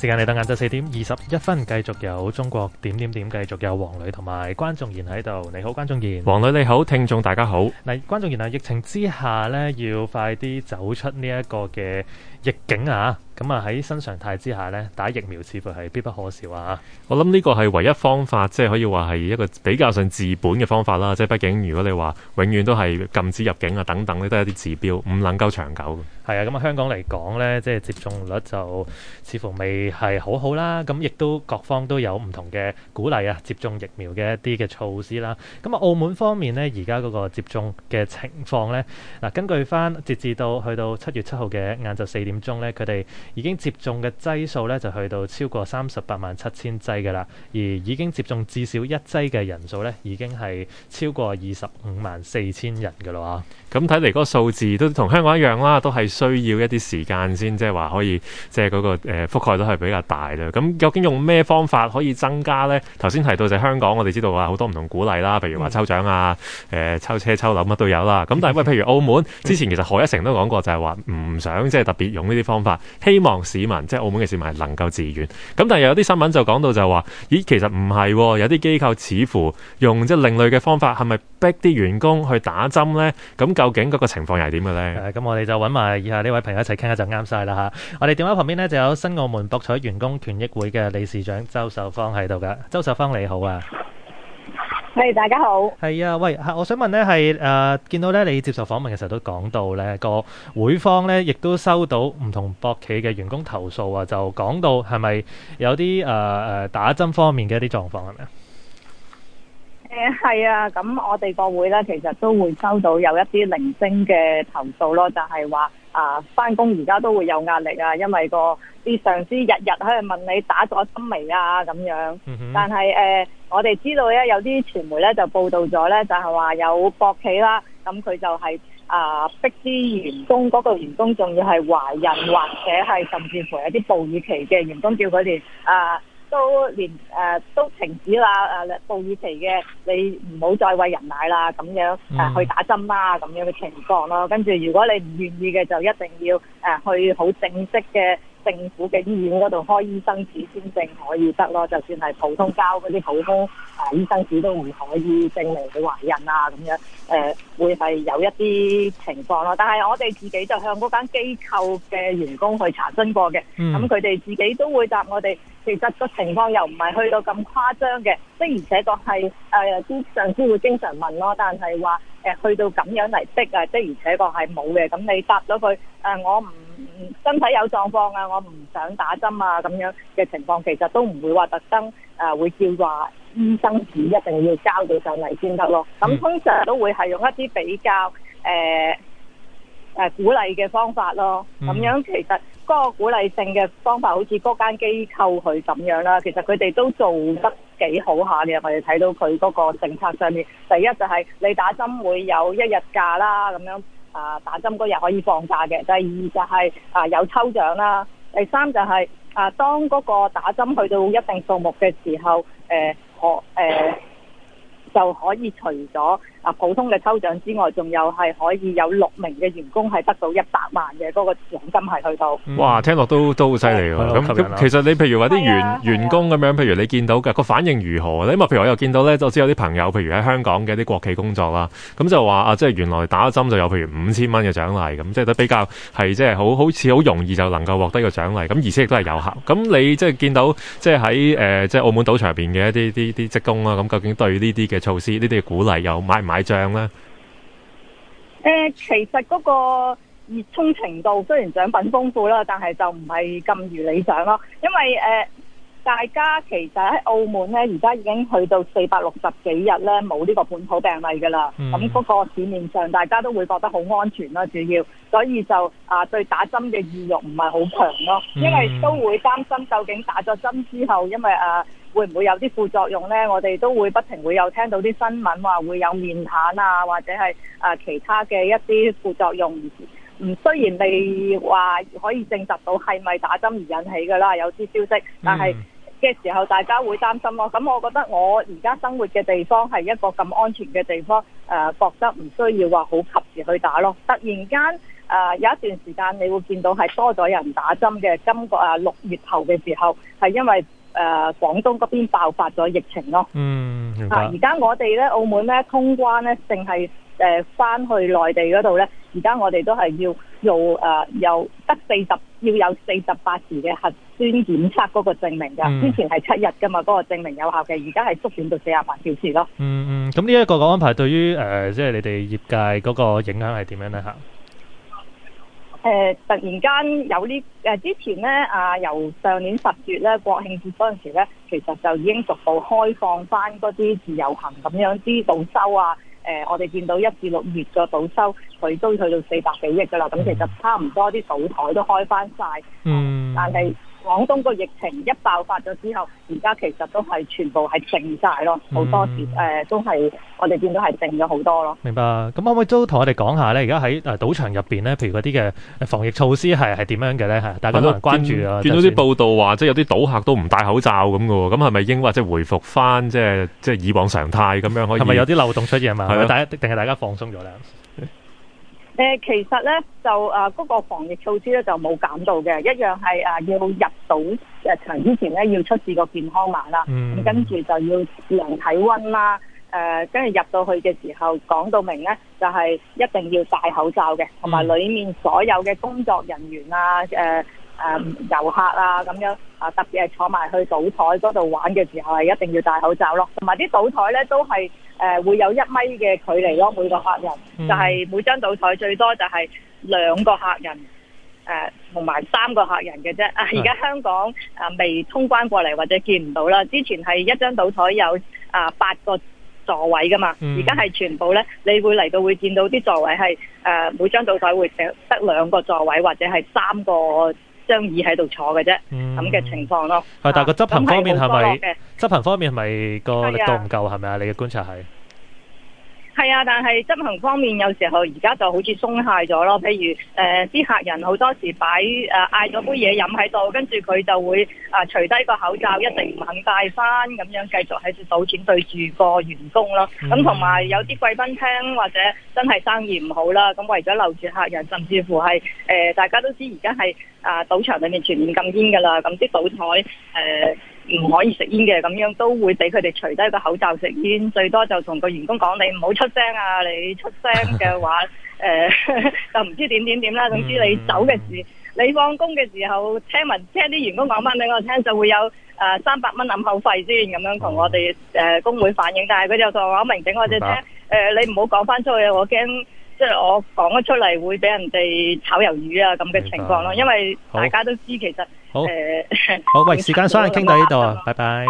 時間嚟到晏晝四點二十一分，繼續有中國點點點，繼續有黃磊同埋關仲賢喺度。你好，關仲賢，黃磊你好，聽眾大家好。嗱，關仲賢啊，疫情之下咧，要快啲走出呢一個嘅逆境啊！咁啊喺新常態之下咧，打疫苗似乎係必不可少啊！我諗呢個係唯一方法，即係可以話，係一個比較上治本嘅方法啦。即係畢竟，如果你話永遠都係禁止入境啊等等，呢都係一啲指標唔能夠長久嘅。係啊，咁啊，香港嚟講咧，即係接種率就似乎未係好好啦。咁亦都各方都有唔同嘅鼓勵啊，接種疫苗嘅一啲嘅措施啦。咁啊，澳門方面咧，而家嗰個接種嘅情況咧，嗱、啊，根據翻截至到去到七月七號嘅晏晝四點鐘咧，佢哋已經接種嘅劑數咧就去到超過三十八萬七千劑㗎喇，而已經接種至少一劑嘅人數咧已經係超過二十五萬四千人㗎喇喎。咁睇嚟嗰個數字都同香港一樣啦，都係需要一啲時間先即係話可以即係嗰個、呃、覆蓋都係比較大啦。咁究竟用咩方法可以增加咧？頭先提到就係香港，我哋知道話好多唔同鼓勵啦，譬如話抽獎啊、誒、 呃、抽車抽樓乜都有啦。咁但係喂，譬如澳門 之前其實何一成都講過就，就係話唔想即係特別用呢啲方法希希望市民即係澳門嘅市民能夠自願。咁但係有啲新聞就講到就話，咦其實唔係、啊，有啲機構似乎用即係另類嘅方法，係咪逼啲員工去打針呢？咁究竟嗰個情況又係點嘅呢？咁、嗯、我哋就揾埋以下呢位朋友一齊傾下就啱晒啦吓。我哋電話旁邊呢，就有新澳門博彩員工權益會嘅理事長周銹芳喺度噶。周銹芳你好啊！係大家好，係啊，喂，我想問咧，係誒，見到咧，你接受訪問嘅時候都講到咧，個會方咧亦都收到唔同博企嘅員工投訴啊，就講到係咪有啲誒誒打針方面嘅一啲狀況係咪？誒係啊，咁我哋個會咧其實都會收到有一啲零星嘅投訴咯，就係話。啊！翻工而家都會有壓力啊，因為個啲上司日日喺度問你打咗針未啊咁樣。但係誒、呃，我哋知道咧，有啲傳媒咧就報道咗咧，就係、是、話有博企啦，咁、嗯、佢就係、是、啊、呃、逼啲員工，嗰、那個員工仲要係懷孕，或者係甚至乎有啲哺乳期嘅員工叫佢哋啊。呃都連誒、呃、都停止啦！誒哺乳期嘅你唔好再餵人奶啦，咁樣誒、呃、去打針啦，咁樣嘅情況咯。跟住如果你唔願意嘅，就一定要誒、呃、去好正式嘅。政府嘅醫院嗰度開醫生紙先證可以得咯，就算係普通交嗰啲普通啊、呃、醫生紙都唔可以證明佢懷孕啊咁樣，誒、呃、會係有一啲情況咯。但係我哋自己就向嗰間機構嘅員工去查詢過嘅，咁佢哋自己都會答我哋。其實個情況又唔係去到咁誇張嘅，的而且確係誒啲上司會經常問咯，但係話誒去到咁樣嚟逼啊，的而且確係冇嘅。咁你答咗佢誒，我唔。身體有狀況啊，我唔想打針啊，咁樣嘅情況，其實都唔會話特登誒、呃、會叫話醫生紙一定要交到上嚟先得咯。咁、嗯、通常都會係用一啲比較誒誒、呃呃、鼓勵嘅方法咯。咁、嗯、樣其實嗰個鼓勵性嘅方法，好似嗰間機構佢咁樣啦，其實佢哋都做得幾好下嘅。我哋睇到佢嗰個政策上面，第一就係你打針會有一日假啦，咁樣。啊！打針嗰日可以放假嘅，第二就係、是、啊有抽獎啦，第三就係、是、啊當嗰個打針去到一定數目嘅時候，誒、呃、我誒、呃、就可以除咗普通嘅抽獎之外，仲有係可以有六名嘅員工係得到一百萬嘅嗰個獎金，係去到。哇，聽落都都好犀利喎！咁其實你譬如話啲員、啊、員工咁樣，譬如你見到嘅個、啊、反應如何咧？因為譬如我又見到咧，就知有啲朋友，譬如喺香港嘅啲國企工作啦，咁就話啊，即係原來打針就有，譬如五千蚊嘅獎勵咁，即係都比較係即係好好似好容易就能夠獲得一個獎勵。咁而且亦都係有效。咁 你即係見到即係喺誒即係澳門賭場入邊嘅一啲啲啲職工啦，咁究竟對呢啲嘅措施，呢啲嘅鼓勵又買唔買賬咧？誒，其實嗰個熱衷程度雖然獎品豐富啦，但係就唔係咁如理想咯。因為誒、呃，大家其實喺澳門咧，而家已經去到四百六十幾日咧，冇呢個本土病例噶啦。咁嗰、嗯、個市面上大家都會覺得好安全啦，主要，所以就啊，對打針嘅意欲唔係好強咯。因為都會擔心，究竟打咗針之後，因為啊。會唔會有啲副作用呢？我哋都會不停會有聽到啲新聞話會有面癱啊，或者係啊、呃、其他嘅一啲副作用。唔雖然未話可以證實到係咪打針而引起㗎啦，有啲消息，但係嘅、嗯、時候大家會擔心咯、啊。咁我覺得我而家生活嘅地方係一個咁安全嘅地方，誒覺得唔需要話好及時去打咯。突然間誒、呃、有一段時間，你會見到係多咗人打針嘅。今個啊六月頭嘅時候係因為。誒、呃、廣東嗰邊爆發咗疫情咯，嗯啊，而家我哋咧澳門咧通關咧，淨係誒翻去內地嗰度咧，而家我哋都係要做誒、呃，有得四十要有四十八字嘅核酸檢測嗰個證明㗎。之、嗯、前係七日㗎嘛，嗰、那個證明有效嘅，而家係縮短到四十八小時咯。嗯嗯，咁呢一個安排對於誒、呃，即係你哋業界嗰個影響係點樣咧？嚇？誒、呃、突然間有呢誒、呃、之前咧啊、呃，由上年十月咧國慶節嗰陣時咧，其實就已經逐步開放翻嗰啲自由行咁樣啲賭收啊。誒、呃，我哋見到一至六月嘅賭收，佢都去到四百幾億噶啦。咁其實差唔多啲賭台都開翻晒，嗯，但係，廣東個疫情一爆發咗之後，而家其實都係全部係靜晒咯，好、嗯、多時、呃、都係我哋見到係靜咗好多咯。明白。咁可唔可以都同我哋講下咧？而家喺誒賭場入邊咧，譬如嗰啲嘅防疫措施係係點樣嘅咧？係，大家可能關注啊。見、見到啲報道話，即係有啲賭客都唔戴口罩咁嘅喎，咁係咪應或者回復翻即係即係以往常態咁樣可以？係咪有啲漏洞出現是啊？嘛，係咪第定係大家放鬆咗咧？誒、呃，其實咧就啊，嗰、呃、個防疫措施咧就冇減到嘅，一樣係啊、呃，要入到誒場之前咧要出示個健康碼啦，跟住就要量體温啦，誒、呃，跟住入到去嘅時候講到明咧，就係、是、一定要戴口罩嘅，同埋裡面所有嘅工作人員啊，誒、呃。誒，遊客啊，咁樣啊，特別係坐埋去賭台嗰度玩嘅時候，係一定要戴口罩咯。同埋啲賭台呢，都係誒會有一米嘅距離咯。每個客人就係每張賭台最多就係兩個客人，誒同埋三個客人嘅啫。啊，而家香港啊未通關過嚟或者見唔到啦。之前係一張賭台有啊八個座位噶嘛，而家係全部呢，你會嚟到會見到啲座位係誒每張賭台會得得兩個座位或者係三個。張椅喺度坐嘅啫，咁嘅情況咯。係，但係個執行方面係咪？執行方面係咪個力度唔夠？係咪啊？你嘅觀察係？係啊，但係執行方面有時候而家就好似鬆懈咗咯。譬如誒，啲、呃、客人好多時擺誒嗌咗杯嘢飲喺度，跟住佢就會啊除低個口罩，一定唔肯戴翻咁樣，繼續喺度賭錢對住個員工咯。咁同埋有啲貴賓廳或者真係生意唔好啦，咁為咗留住客人，甚至乎係誒、呃，大家都知而家係啊賭場裡面全面禁煙噶啦，咁啲賭枱誒。呃唔可以食煙嘅咁樣，都會俾佢哋除低個口罩食煙，最多就同個員工講你唔好出聲啊！你出聲嘅話，誒、 呃、就唔知點點點啦。總之你走嘅時，你放工嘅時候，聽聞聽啲員工講翻俾我聽，就會有誒三百蚊諗口費先咁樣同我哋誒、呃、工會反映，但係佢就同我明整我只聽誒、呃，你唔好講翻出去，我驚。即係我講咗出嚟會俾人哋炒魷魚啊，咁嘅情況咯，吧因為大家都知其實好誒，好，喂，時間，所以傾到呢度，啊， 拜拜。